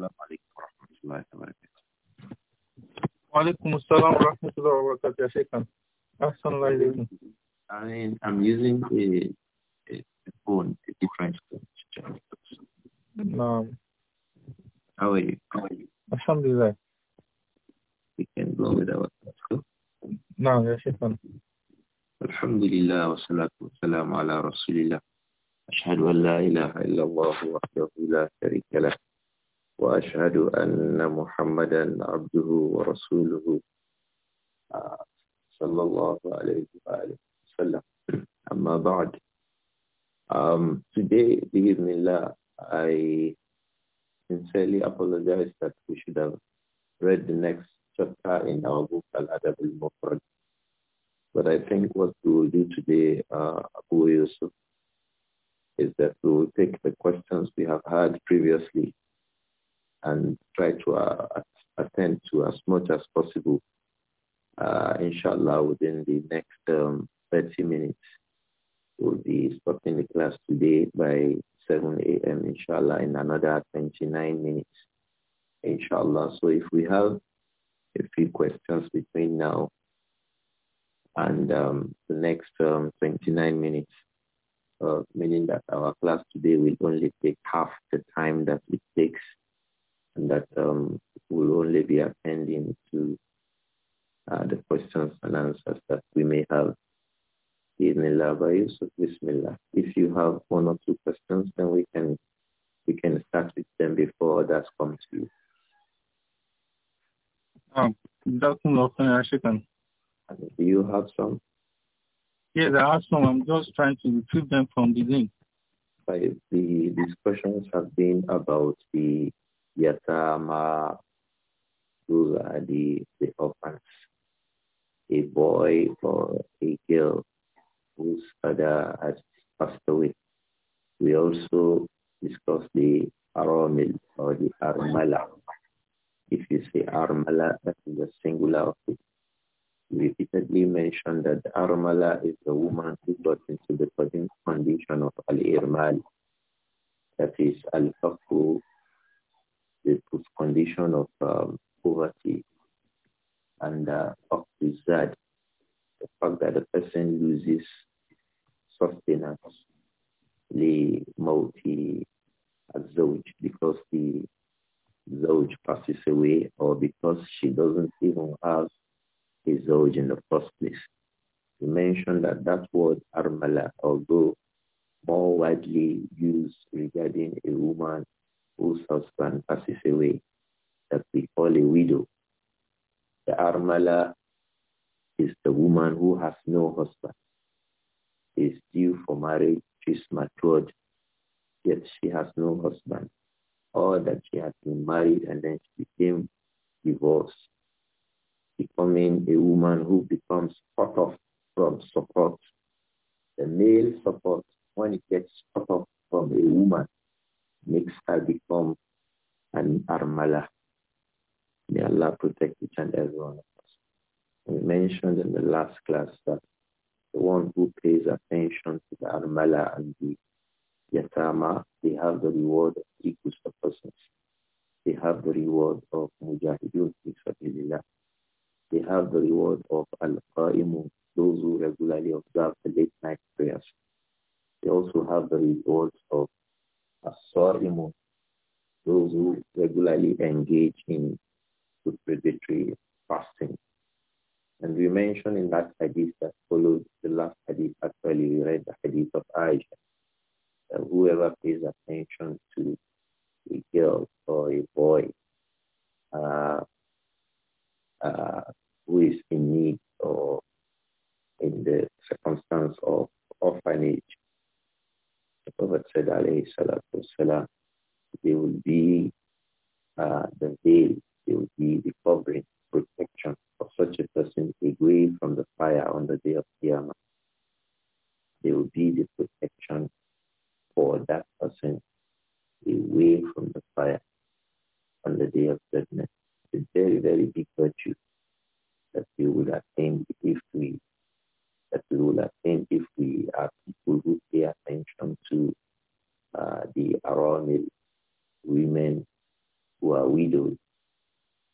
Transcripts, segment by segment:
السلام عليكم ورحمة الله وبركاته وعليكم السلام ورحمة الله وبركاته يا شيخنا أحسن الله إليكم I mean, I'm using a, a, a phone, a different phone. Um, How are you? How are you? Alhamdulillah. We can go with our topic. نعم يا شيخنا. الحمد لله والصلاة والسلام على رسول الله. أشهد أن لا إله إلا الله وحده لا شريك له وأشهد أن محمدا عبده ورسوله صلى الله عليه وآله وسلم أما بعد um, Today, bismillah, I sincerely apologize that we should have read the next chapter in our book, Al-Adab al-Mufrad. But I think what we will do today, uh, Abu Yusuf, is that we will take the questions we have had previously as possible, uh, inshallah, within the next um, 30 minutes. We'll be stopping the class today by 7 a.m., inshallah, in another 29 minutes, inshallah. So if we have a few questions between now and um, the next um, 29 minutes, uh, meaning that our class today will only take half the time that it takes and that um, will only be attending to uh, the questions and answers that we may have. Bismillah. If you have one or two questions, then we can we can start with them before others come to you. Um, do you have some? Yes, I have some. I'm just trying to retrieve them from the link. The discussions have been about the Yatama the, the orphans. A boy or a girl whose father has passed away. We also discuss the aramil or the armala. If you say armala, that is the singular of it. We repeatedly mentioned that armala is the woman who got into the condition of al-irmal, that is al-fakru, the condition of um, poverty and uh, of desire, the fact that the person loses sustenance, the multi uh, zoj because the zoj passes away or because she doesn't even have a zoj in the first place. We mentioned that that word armala, although more widely used regarding a woman whose husband passes away, that we call a widow. The Armala is the woman who has no husband, is due for marriage, she's matured, yet she has no husband, or that she has been married and then she became divorced, becoming a woman who becomes cut off from support. The male support, when it gets cut off from a woman, makes her become an armala. May Allah protect each and every one of us. We mentioned in the last class that the one who pays attention to the Armala and the Yatama, they have the reward of equal persons. They have the reward of Mujahidun They have the reward of Al-Qa'imun, those who regularly observe the late night prayers. They also have the rewards of as those who regularly engage in to predatory fasting. And we mentioned in that hadith that followed the last hadith, actually we read the hadith of Aisha, that whoever pays attention to a girl or a boy uh, uh, who is in need or in the circumstance of orphanage, the Prophet said, alayhi salatu wasalam, they will be uh, the veil there will be the covering, protection of such a person away from the fire on the day of Qiyamah. They will be the protection for that person away from the fire on the day of judgment. It's a very, very big virtue that we will attain if we that we will attain if we are people who pay attention to uh, the around women who are widows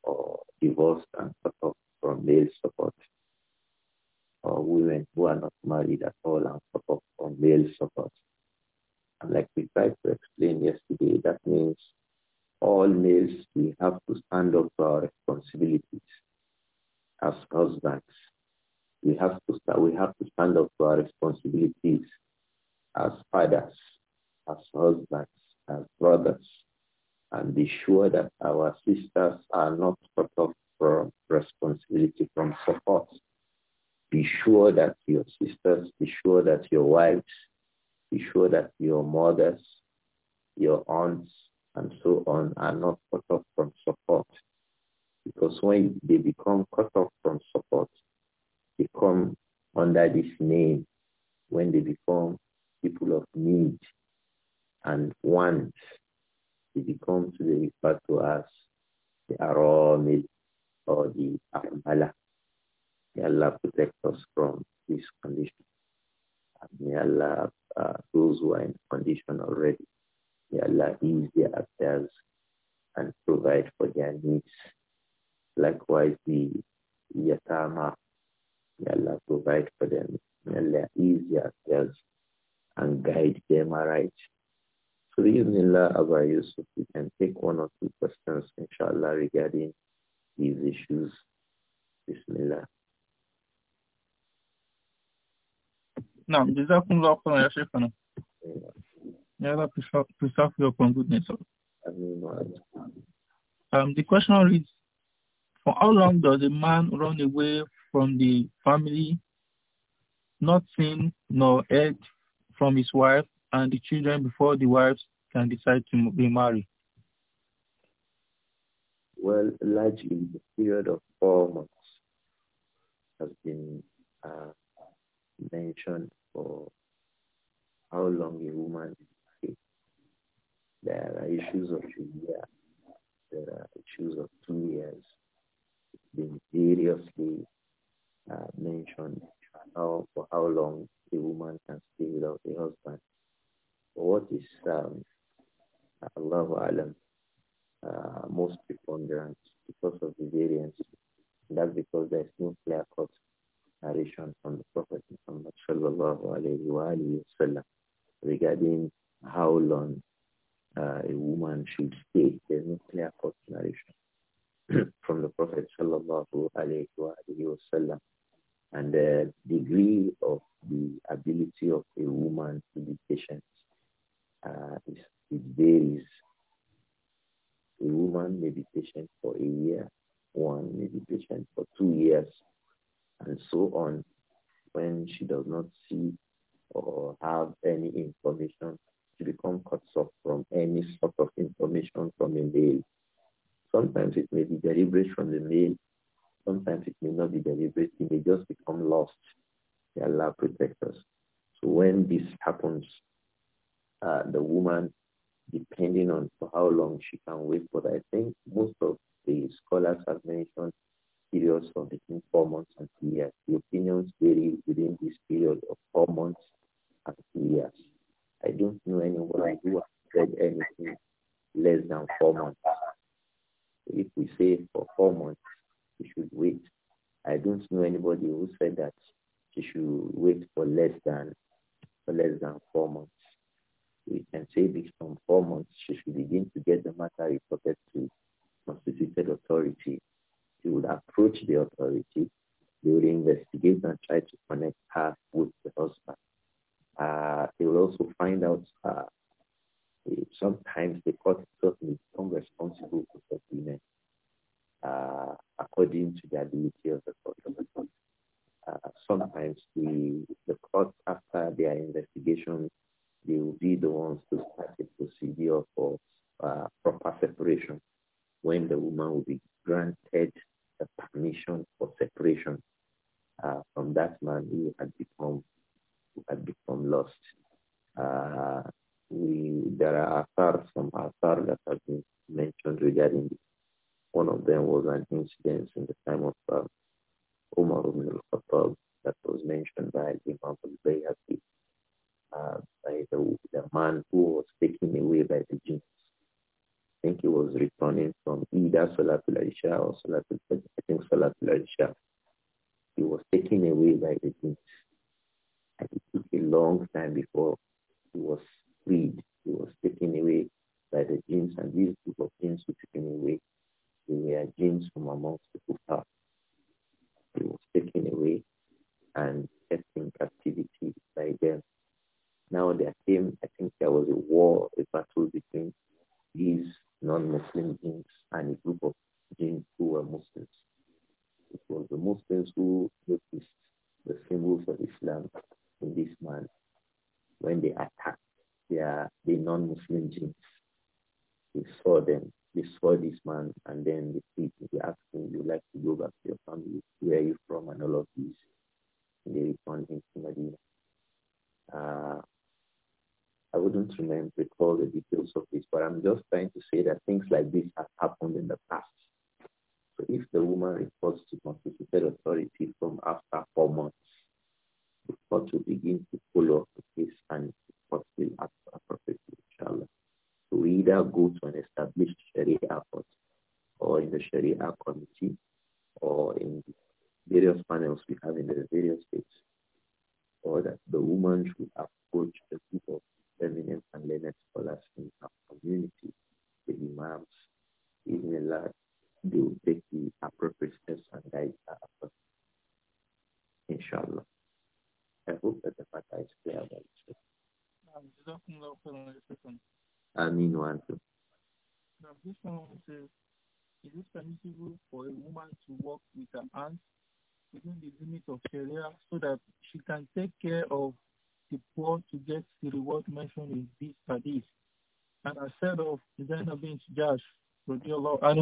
or divorced and cut off from male support, or women who are not married at all and cut off from male support. And like we tried to explain yesterday, that means all males, we have to stand up to our responsibilities as husbands. We have to start, we have to stand up to our responsibilities as fathers, as husbands, as brothers, and be sure that our sisters are not cut off from responsibility, from support. Be sure that your sisters, be sure that your wives, be sure that your mothers, your aunts, and so on are not cut off from support. Because when they become cut off from support, they come under this name when they become Yeah, that your goodness. Um, the question reads, for how long does a man run away from the family, not seen nor heard from his wife and the children before the wives can decide to remarry? Well, largely the period of four months has been uh, mentioned for how long a woman is stay? There are issues of a year. There are issues of two years. It's been seriously uh, mentioned how for how long a woman can stay without a husband. what is um, Allahu Alam uh, most preponderant because of the variance. And that's because there's no clear cut narration from the Prophet Muhammad sallallahu alayhi wa sallam regarding how long uh, a woman should stay. There's no clear-cut narration from the Prophet sallallahu and the degree of the ability of a woman to be patient uh, is, it varies. A woman may be patient for a year, one may be patient for two years, and so on when she does not see or have any information to become cut off from any sort of information from a mail. Sometimes it may be deliberate from the mail. Sometimes it may not be deliberate. It may just become lost. They Allah protect us. So when this happens, uh, the woman, depending on for how long she can wait, but I think most of the scholars have mentioned periods of between four months and three years. The opinions vary within this period of four months years. I don't know anyone who has read anything less than four months. If we say for four months, we should wait. I don't know anybody who said that she should wait for less than for less than four months. We can say this from four months, she should begin to get the matter reported to constituted authority. She would approach the authority. They would investigate and try to connect her with the husband uh, they will also find out uh, sometimes the court itself not become responsible for the woman, uh, according to the ability of the court. Uh, sometimes the, the court, after their investigation, they will be the ones to start a procedure for uh, proper separation when the woman will be granted the permission for separation uh, from that man who had become had become lost. Uh, we, there are asar, some asar that have been mentioned regarding this. One of them was an incident in the time of uh, Umar ibn al-Khattab that was mentioned by Imam al-Bayhaqi, uh, by the, the man who was taken away by the jinns. I think he was returning from either Salatul Isha or Salatul Fajr. I think Salatul Isha. He was taken away by the jinns it took a long time before he was freed. He was taken away by the jinns, and these group of jinns were taken away. They were jinns from amongst the Kufar. He was taken away and kept in captivity by them. Now there came, I think there was a war, a battle between these non-Muslim jinns and a group of jinns who were Muslims. It was the Muslims who noticed the symbols of Islam in this man when they attacked their, the non-Muslim Jews. They saw them, they saw this man, and then the people they asked him, you like to go back to your family? Where are you from? And all of these. And they returned him to Medina. Uh, I wouldn't remember recall the details of this, but I'm just trying to say that things like this have happened in the past. So if the woman reports to constituted authority from after four months, but to begin to follow up with this and possibly act appropriately, inshallah. So either go to an established Sharia court or in the Sharia committee or in various panels we have in the various states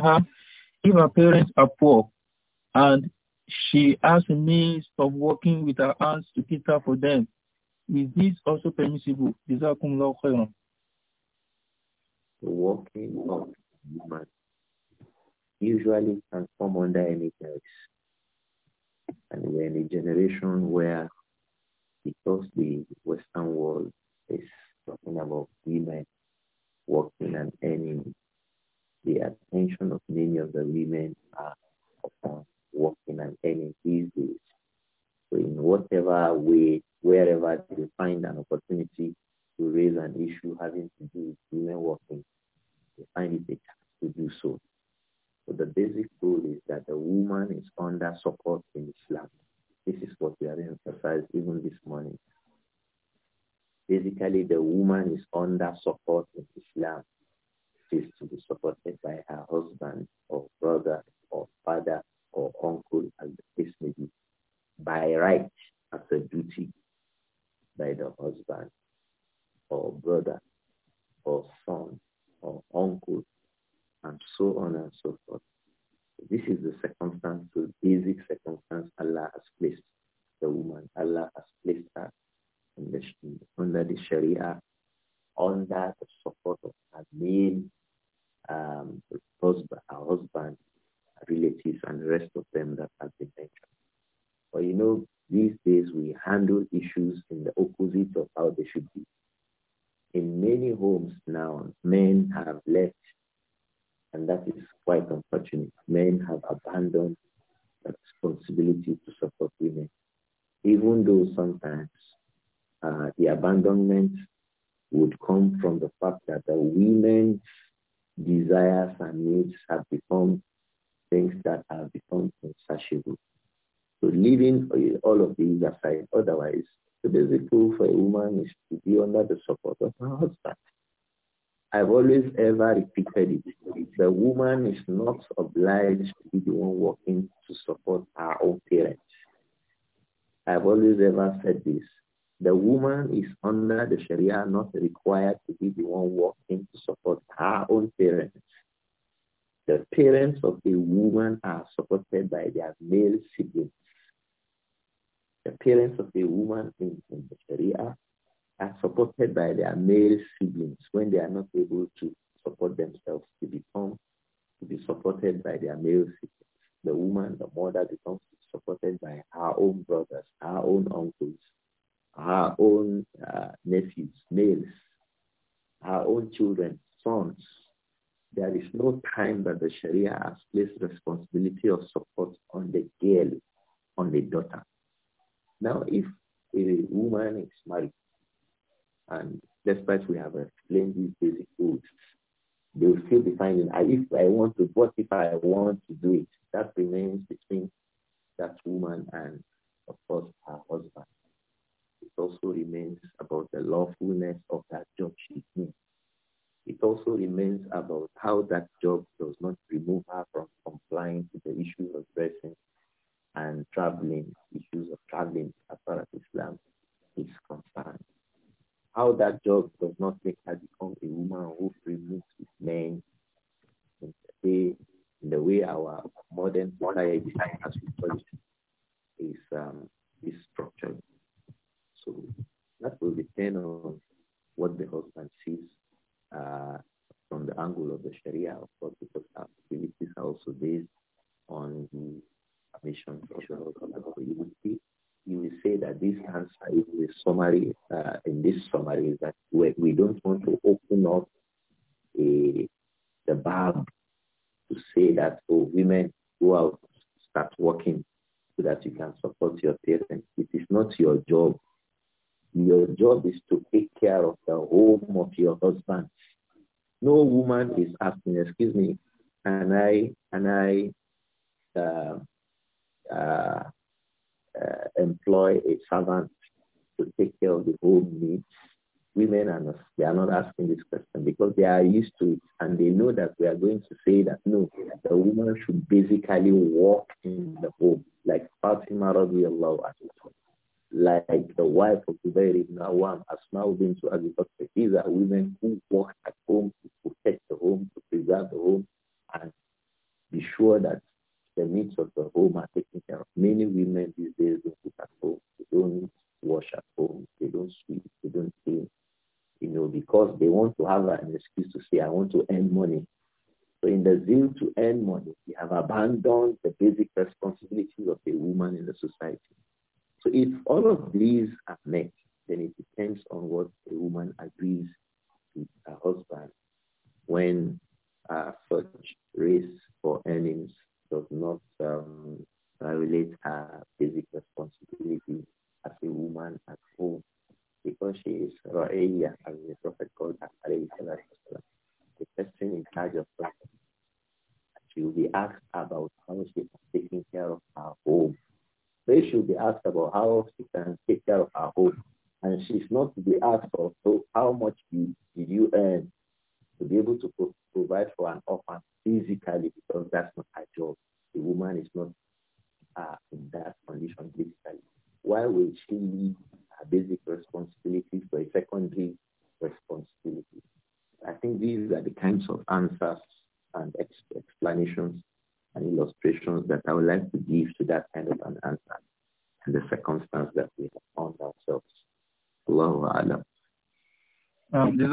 her, if her parents are poor and she has a means of working with her hands to cater for them, is this also permissible? Jazakumullah khairan. Working of human usually can come under any case. And we're in a generation where, because the Western world is talking about women working and earning the attention of many of the women are working and earning these days. So in whatever way, wherever they find an opportunity to raise an issue having to do with women working, they find it a chance to do so. So the basic rule is that the woman is under support in Islam. This is what we are emphasizing even this morning. Basically, the woman is under support in Islam is to be supported by her husband or brother or father or uncle, as the case may be, by right as a duty by the husband or brother or son or uncle and so on and so forth. This is the circumstance, the basic circumstance Allah has placed the woman. Allah has placed her the, under the Sharia, under the support of her male parents be the one working to support our own parents. I've always ever said this. The woman is under the Sharia not required to be the one working to support her own parents. The parents of a woman are supported by their male siblings. The parents of a woman in, in the Sharia are supported by their male siblings when they are not able to support themselves to become to be supported by their male siblings. The woman, the mother becomes supported by her own brothers, her own uncles, her own uh, nephews, males, her own children, sons. There is no time that the Sharia has placed responsibility of support on the girl, on the daughter. Now, if a woman is married, and despite we have explained these basic rules, they will still be finding, if I want to, what if I want to do it? That remains between that woman and, of course, her husband. It also remains about the lawfulness of that job she did. It also remains about how that job does not remove her from complying to the issues of dressing and traveling, issues of traveling as far as Islam is concerned. How that job does not make her Bye. to it and they know that we are going to say that no, the woman should basically walk in the home like Fatima radiallahu anhu, like the wife of Zubair ibn Awam, Asma bint Abi Bakr. These are women who work at home to protect the home, to preserve the home and be sure that the needs of the home are taken care of. Many women these days don't cook at home. They don't wash at home. They don't sweep. They don't clean you know, because they want to have an excuse to say, I want to earn money. So in the zeal to earn money, we have abandoned the basic responsibilities of a woman in the society. So if all of these are met, then it depends on what a woman agrees with her husband when uh, such race for earnings does not um, her basic responsibility as a woman at home because she is a as the Prophet called her, the person in charge of her. She will be asked about how she is taking care of her home. They should be asked about how she can take care of her home. And she's not to be asked for how much you, did you earn to be able to pro provide for an orphan physically because that's not her job. The woman is not uh, in that condition physically. Why will she leave a basic responsibility to a secondary responsibility. I think these are the kinds of answers and ex explanations and illustrations that I would like to give to that kind of an answer and the circumstance that we have found ourselves. Allahu Alam. Um, is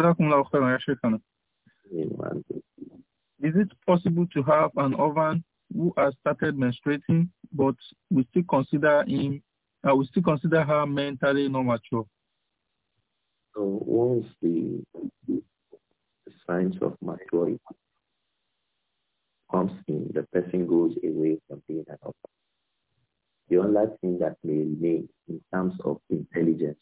it possible to have an oven who has started menstruating, but we still consider him I would still consider her mentally not mature. So once the, the signs of maturity comes in, the person goes away from being an offer. The only thing that may remain in terms of intelligence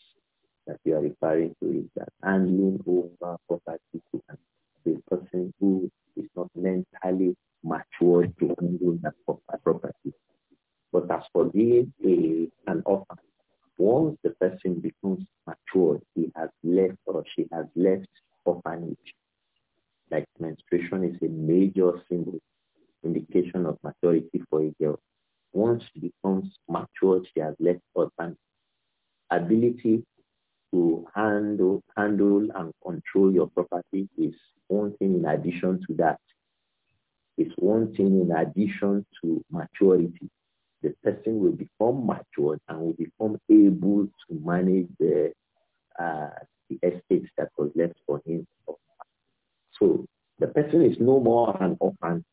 that you are referring to is that handling over property to no more an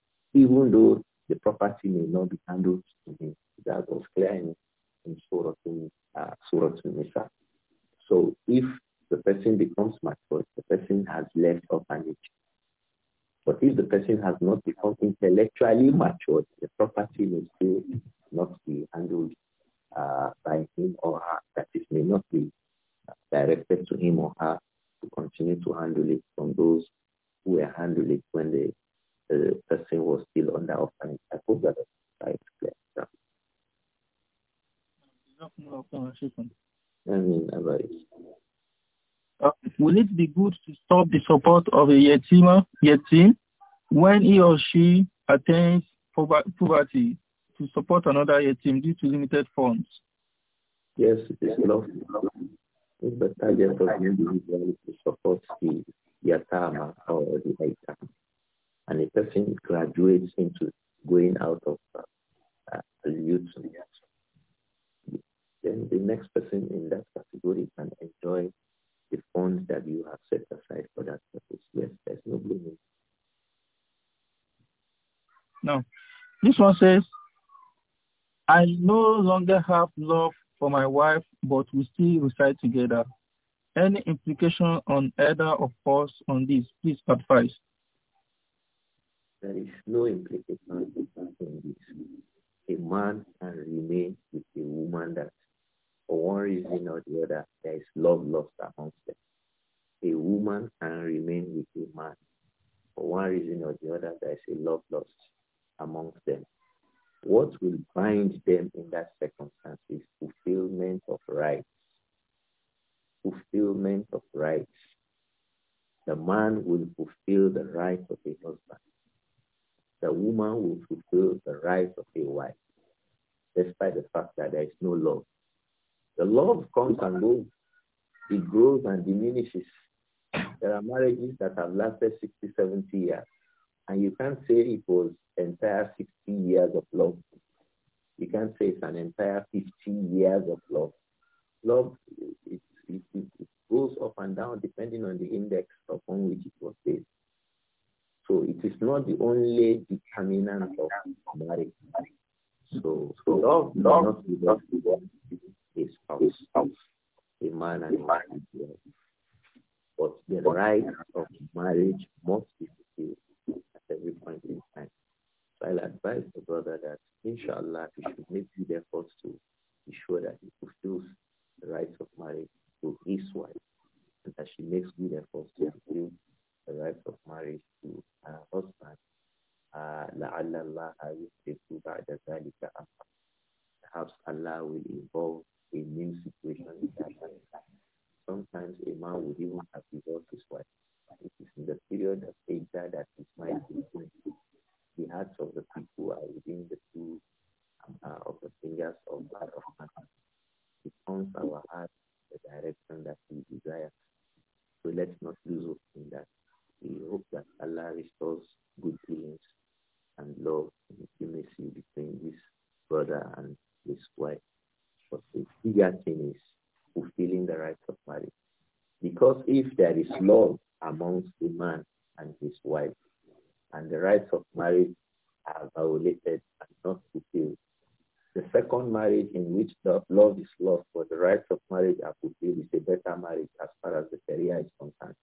it be good to stop the support of a yatima, yatim when he or she attains poverty to support another yatim due to limited funds? Yes, it's lawful. the target of the individual to support the yatama or the item, and the person graduates into going out of uh, youth then the next person in that category can enjoy the funds that you have set aside for that purpose. Yes, there's no blame. No. This one says, I no longer have love for my wife, but we still reside together. Any implication on either of us on this? Please advise. There is no implication on this. A man can remain with a woman that for one reason or the other, there is love lost amongst them. A woman can remain with a man. For one reason or the other, there is a love lost amongst them. What will bind them in that circumstance is fulfillment of rights. Fulfillment of rights. The man will fulfill the rights of a husband. The woman will fulfill the rights of a wife, despite the fact that there is no love. The love comes and goes. It grows and diminishes. There are marriages that have lasted 60, 70 years. And you can't say it was entire 60 years of love. You can't say it's an entire 50 years of love. Love, it, it, it, it goes up and down depending on the index upon which it was based. So it is not the only determinant of marriage. So, so love, love, love, love house, a man and a But the right of marriage must be fulfilled at every point in time. So I'll advise the brother that, inshallah, he should make the effort Because if there is love amongst the man and his wife, and the rights of marriage are violated and not fulfilled, the second marriage in which the love is lost but the rights of marriage are fulfilled is a better marriage as far as the career is concerned.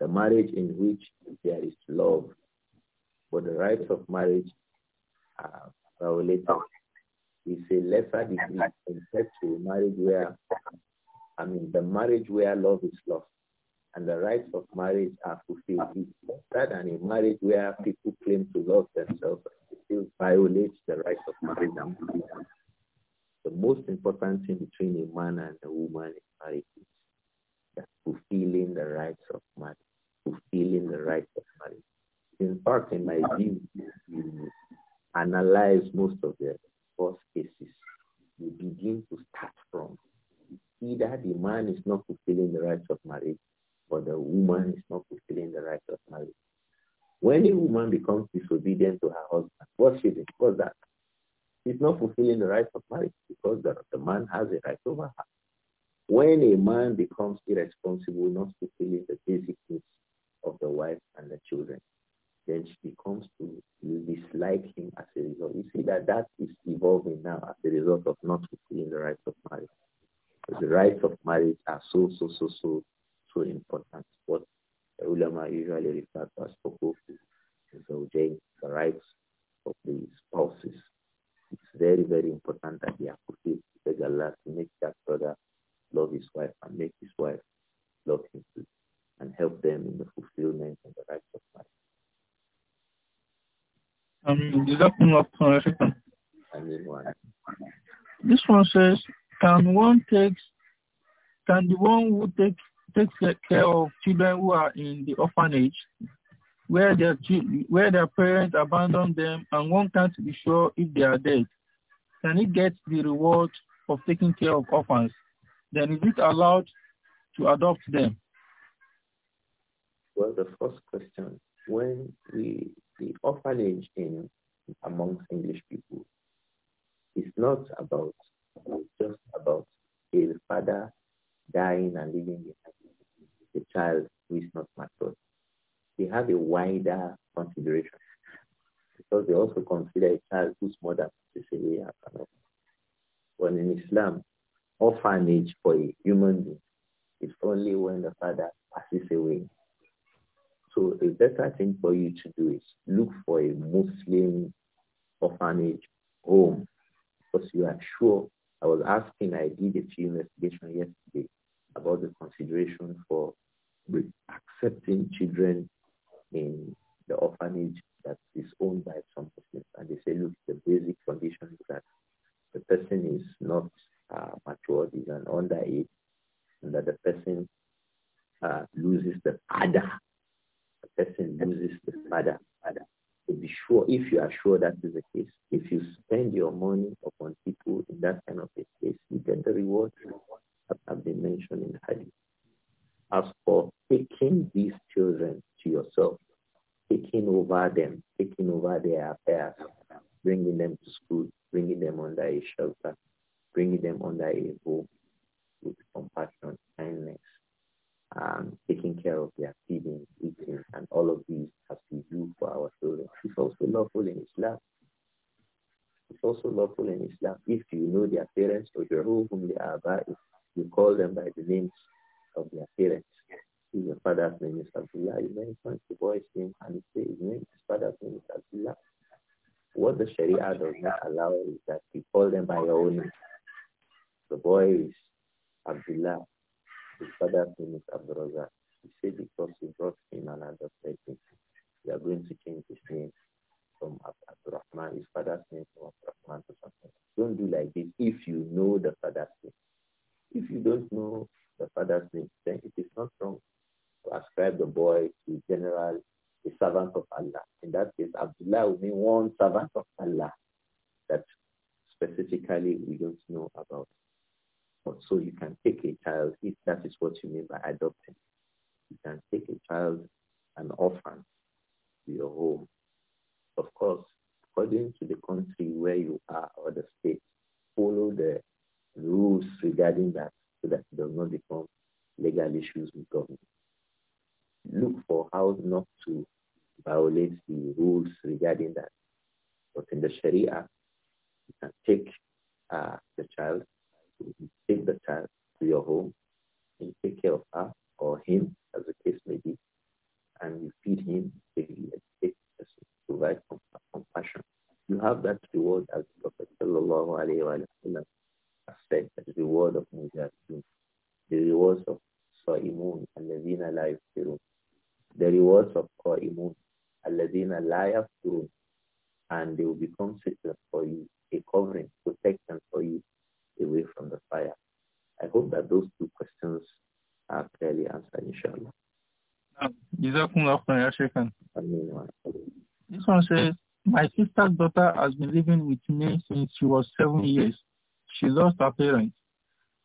The marriage in which there is love but the rights of marriage are violated is a lesser degree compared to marriage where I mean, the marriage where love is lost and the rights of marriage are fulfilled is better than a marriage where people claim to love themselves but still violate the rights of marriage and freedom. The most important thing between a man and a woman in marriage is that fulfilling the rights of marriage, fulfilling the rights of marriage. In fact, in my view, you analyze most of the first cases. You begin to start from either the man is not fulfilling the rights of marriage or the woman is not fulfilling the rights of marriage. When a woman becomes disobedient to her husband, what she doing? What's that? She's not fulfilling the rights of marriage because the, the man has a right over her. When a man becomes irresponsible, not fulfilling the basic needs of the wife and the children, then she becomes to dislike him as a result. You see that that is evolving now as a result of not fulfilling the rights of marriage. The rights of marriage are so, so, so, so, so important. What the ulama usually refer to as hukuk is the rights of the spouses. It's very, very important that they are fulfilled. Beg Allah to make that brother love his wife and make his wife love him too and help them in the fulfillment of the rights of marriage. Um, this one says, can one takes can the one who takes takes care of children who are in the orphanage where their where their parents abandon them and one can't be sure if they are dead? Can he get the reward of taking care of orphans? Then is it allowed to adopt them? Well, the first question, when we the orphanage in amongst English people is not about was just about a father dying and leaving the child who is not matured. They have a wider consideration because they also consider a child whose mother passes away as an orphan. in Islam, orphanage for a human being is only when the father passes away. So a better thing for you to do is look for a Muslim orphanage home because you are sure I was asking, I did a few investigation yesterday about the consideration for accepting children in the orphanage that is owned by some person, And they say, look, the basic condition is that the person is not uh, matured, is an underage, and that the person uh, loses the father. The person loses the father. father to be sure, if you are sure that is the case, if you spend your money upon people in that kind of a case, you get the reward that have been mentioned in the hadith. As for taking these children to yourself, taking over them, taking over their affairs, bringing them to school, bringing them under a shelter, bringing them under a roof with compassion, kindness, um, taking care of their feeding, eating, and all of these has to do for our children. It's also lawful in Islam. It's also lawful in Islam. If you know their parents or your whom they are by, you call them by the names of their parents. See, your father's name is Abdullah. You mention the boy's name and say his name, his father's name is Abdullah. What the Sharia does not allow is that you call them by your own name. The boy is Abdullah his father's name is Abdurrazak. He said because he brought him an adopted him. We are going to change his name from Abdurrahman, his father's name from Abdurrahman to something. Don't do like this if you know the father's name. If you don't know the father's name, then it is not wrong to ascribe the boy to general, the servant of Allah. In that case, Abdullah will mean one servant of Allah that specifically we don't know about. But so you can take a child, if that is what you mean by adopting, you can take a child, an orphan, to your home. Of course, according to the country where you are or the state, follow the rules regarding that so that it does not become legal issues with government. Look for how not to violate the rules regarding that. But in the Sharia, you can take uh, the child Take the child to your home and take care of her or him, as the case may be, and you feed him daily and take provide compassion. You have that reward as the Prophet sallallahu said, the reward of Mujahideen, the rewards of Sa'imun, Alladina la yaftirun, the rewards of Qa'imun, Alladina la yaftirun, and they will become sitting for you, a covering, protection for you, away from the fire. I hope that those two questions are clearly answered, inshallah. Um, this one says, my sister's daughter has been living with me since she was seven years. She lost her parents.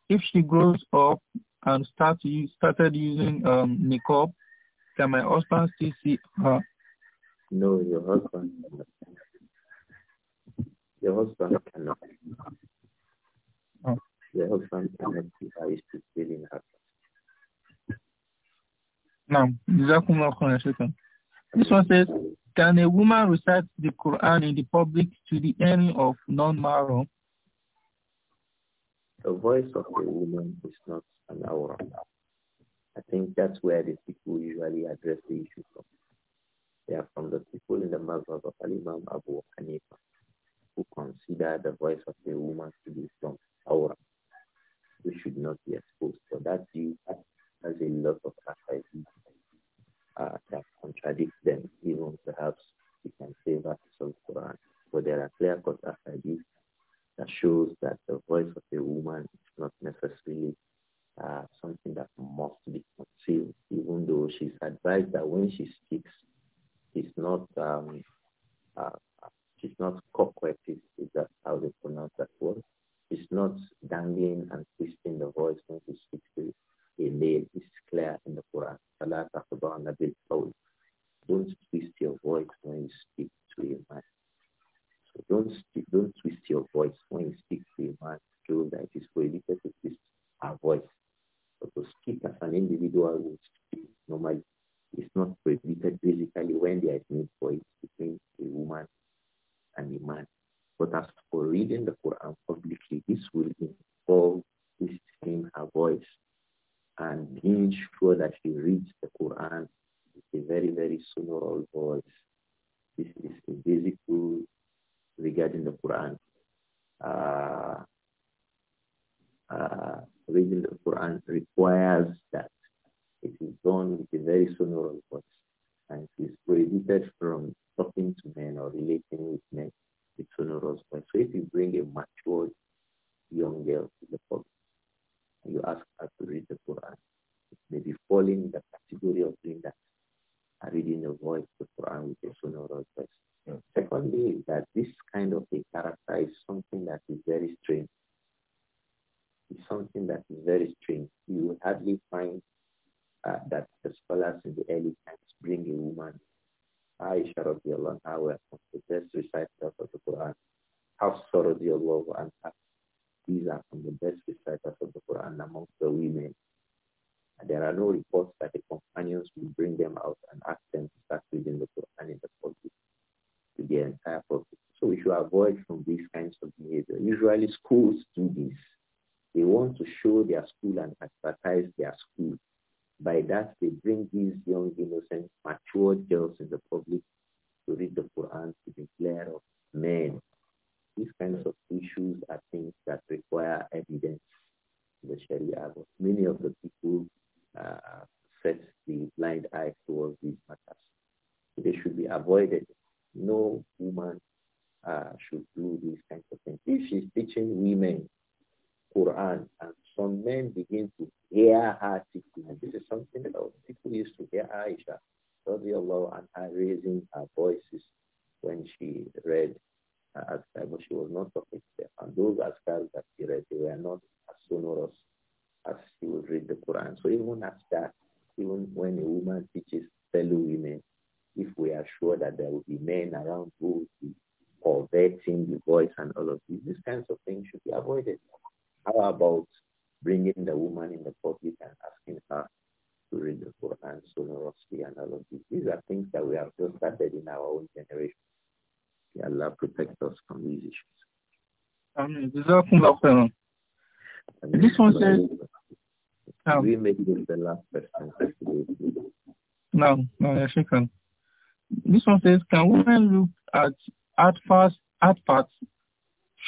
If she grows up and start, started using um, can my husband still see her? No, your husband. Your husband cannot the husband connected I used to stay in her. this one says, can a woman recite the Quran in the public to the end of non-mahram? The voice of a woman is not an aura. I think that's where the people usually address the issue from. They are from the people in the Mazhab of Imam Abu Hanifa who consider the voice of a woman to be from aura should not be exposed. So that's you. That's a lot of advice uh, that contradicts them. Even perhaps you can say that some Quran, but there are clear-cut hadiths that shows that the voice of a woman is not necessarily uh, something that must be concealed, even though she's advised that when she speaks, it's not um, uh, she's not cooperative. Is that how they pronounce that word? It's not dangling and twisting the voice when he speaks to a male. It's clear in the Quran. Allah Don't twist your voice when you speak to a man. So don't don't twist your voice when you speak to a man. So that it is prohibited to twist our voice. But to speak as an individual would speak normally. It's not prohibited basically when there is need for it between a woman and a man. But as for reading the Quran publicly, this will involve him her voice and being sure that she reads the Quran with a very, very sonorous voice. This is a basic rule regarding the Quran. Uh, uh, reading the Quran requires that it is done with a very sonorous voice. want to show their school and advertise their school. By that, they bring these young, innocent, mature girls in the public to read the Quran to declare of men. These kinds of issues are things that require evidence in the Sharia. But many of the people uh, set the blind eye towards these matters. They should be avoided. No woman uh, should do these kinds of things. If she's teaching women Quran and some men begin to hear her teaching. And this is something that people used to hear Aisha, radiallahu her, raising her voices when she read askar, but she was not talking to them. And those askars that she read, they were not as sonorous as she would read the Quran. So even after, even when a woman teaches fellow women, if we are sure that there will be men around who will be the voice and all of these, these kinds of things should be avoided. How about bringing the woman in the public and asking her to read the Quran sonorously and all of these? These are things that we have just started in our own generation. May Allah protect us from these issues. this one says, um, we make this the last person?" No, no, This one says, can women look at at adverts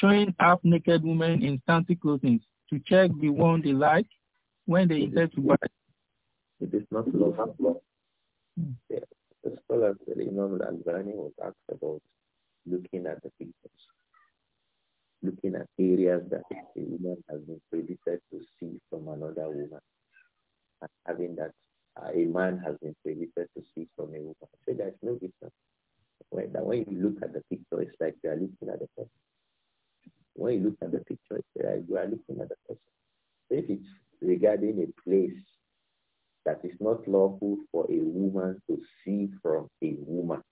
showing half-naked women in scanty clothing to check the one they like when they intend to buy. It is not lawful. Law. Hmm. Yeah. The scholars, the Imam al-Albani was asked about looking at the pictures, looking at areas that a woman has been prohibited to see from another woman, and having that uh, a man has been prohibited to see from a woman. So there's no difference. When, when you look at the picture, it's like you are looking at the person. When you look at the picture, you are looking at the person. So if it's regarding a place that is not lawful for a woman to see from a woman,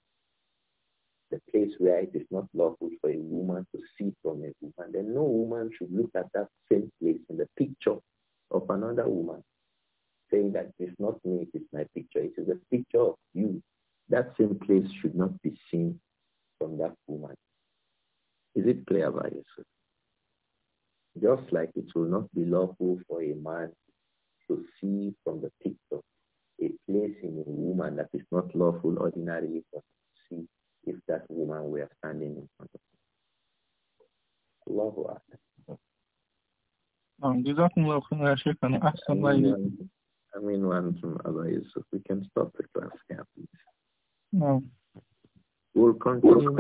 the place where it is not lawful for a woman to see from a woman, then no woman should look at that same place in the picture of another woman, saying that it's not me, it is my picture. It is a picture of you. That same place should not be seen from that woman. Is it clear by Yusuf? Just like it will not be lawful for a man to see from the picture a place in a woman that is not lawful ordinarily for to see if that woman were standing in front of him. Allahu Akbar. جزاكم الله خيرا شكرا أحسن الله We can stop the class here please. No. We'll continue,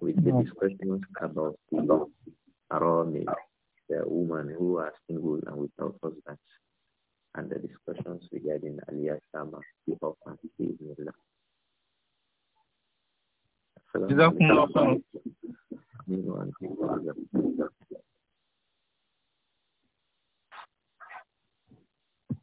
with the discussions about the the woman who are single and without husbands, and the discussions regarding Aliyah Sama, the hope and the Iznillah.